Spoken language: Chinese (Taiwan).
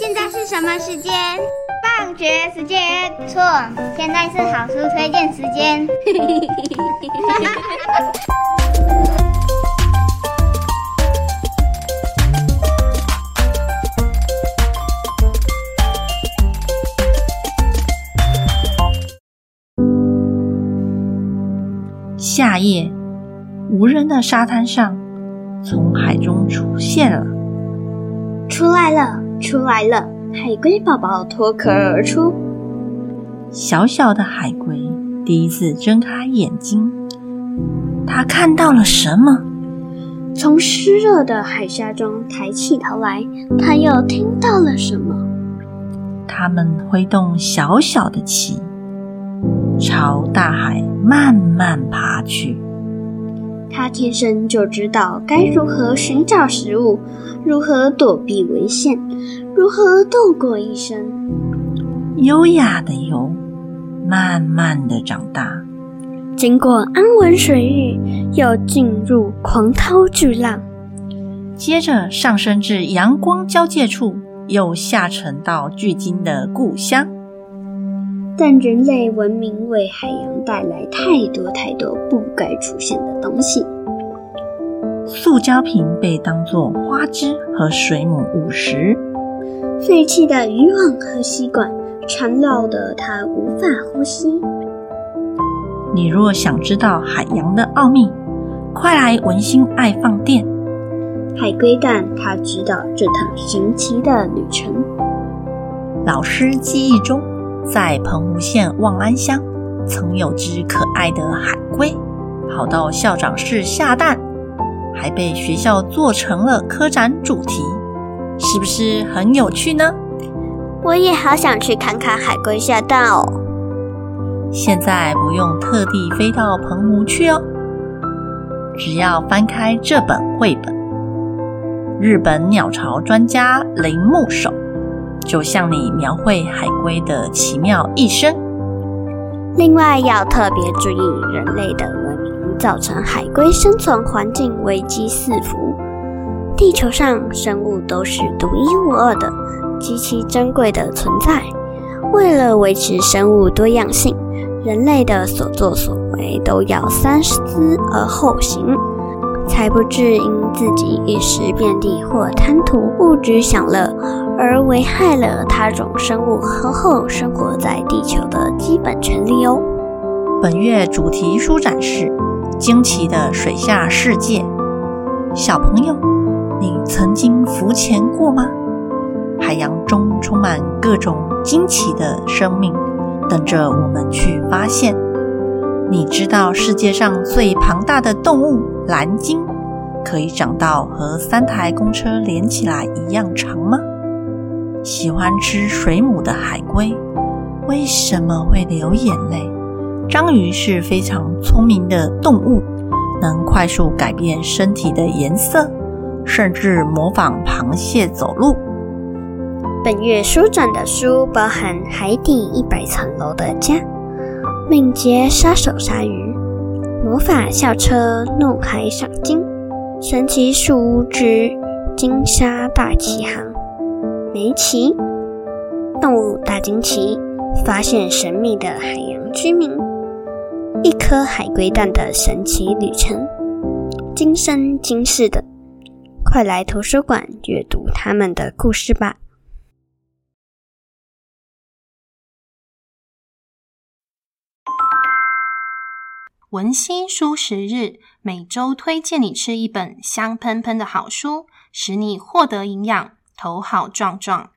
現在是什麼時間？放學時間。錯，現在是好書推薦時間。夏 夜，無人的沙灘上，從海中出現了，出來了。出來了，海龜寶寶脫殼而出。小小的海龜第一次睜開眼睛，它看到了什麼？從濕熱的海沙中抬起頭來，它又聽到了什麼？它們揮動小小的鰭，朝大海慢慢爬去。它天生就知道該如何尋找食物，如何躲避危險，如何度過一生。優雅的游，慢慢的長大。經過安穩水域，又進入狂濤巨浪，接着上升至陽光交界處，又下沉到巨鯨的故鄉。但人類文明為海洋帶來太多太多不該出現的東西。塑膠瓶被當作花枝和水母誤食，廢棄的漁網和吸管纏繞的它無法呼吸。你若想知道海洋的奧秘，快來文欣愛放電。海龜蛋，它知道這趟神奇的旅程。老師記憶中。在澎湖縣望安鄉，曾有隻可愛的海龜跑到校長室下蛋，還被學校做成了科展主題，是不是很有趣呢？我也好想去看看海龜下蛋哦。現在不用特地飛到澎湖去哦，只要翻開這本繪本，《日本鳥巢專家鈴木守》。就向你描繪海龜的奇妙一生。另外，要特別注意，人類的文明造成海龜生存環境危機四伏。地球上生物都是獨一無二的、極其珍貴的存在。為了維持生物多樣性，人類的所作所為都要三思而後行，才不致因自己一時便利或貪圖物質享樂。而危害了他種生物和後生活在地球的基本權利哦。本月主題書展示：驚奇的水下世界。小朋友，你曾經浮潛過嗎？海洋中充滿各種驚奇的生命，等着我們去發現。你知道世界上最龐大的動物藍鯨，可以長到和三台公車連起來一樣長嗎？喜歡吃水母的海龜為什麼會流眼淚？章魚是非常聰明的動物，能快速改變身體的顏色，甚至模仿螃蟹走路。本月書展的書包含《海底一百層樓的家》、《敏捷殺手鯊魚》、《魔法校車怒海賞金》、《神奇樹屋之金沙大起航》。《梅奇動物大驚奇》發現神秘的海洋居民，《一顆海龜蛋的神奇旅程》《今生今世》的，快來圖書館閱讀他們的故事吧！文欣書食日每周推薦你吃一本香噴噴的好書，使你獲得營養。頭好壯壯。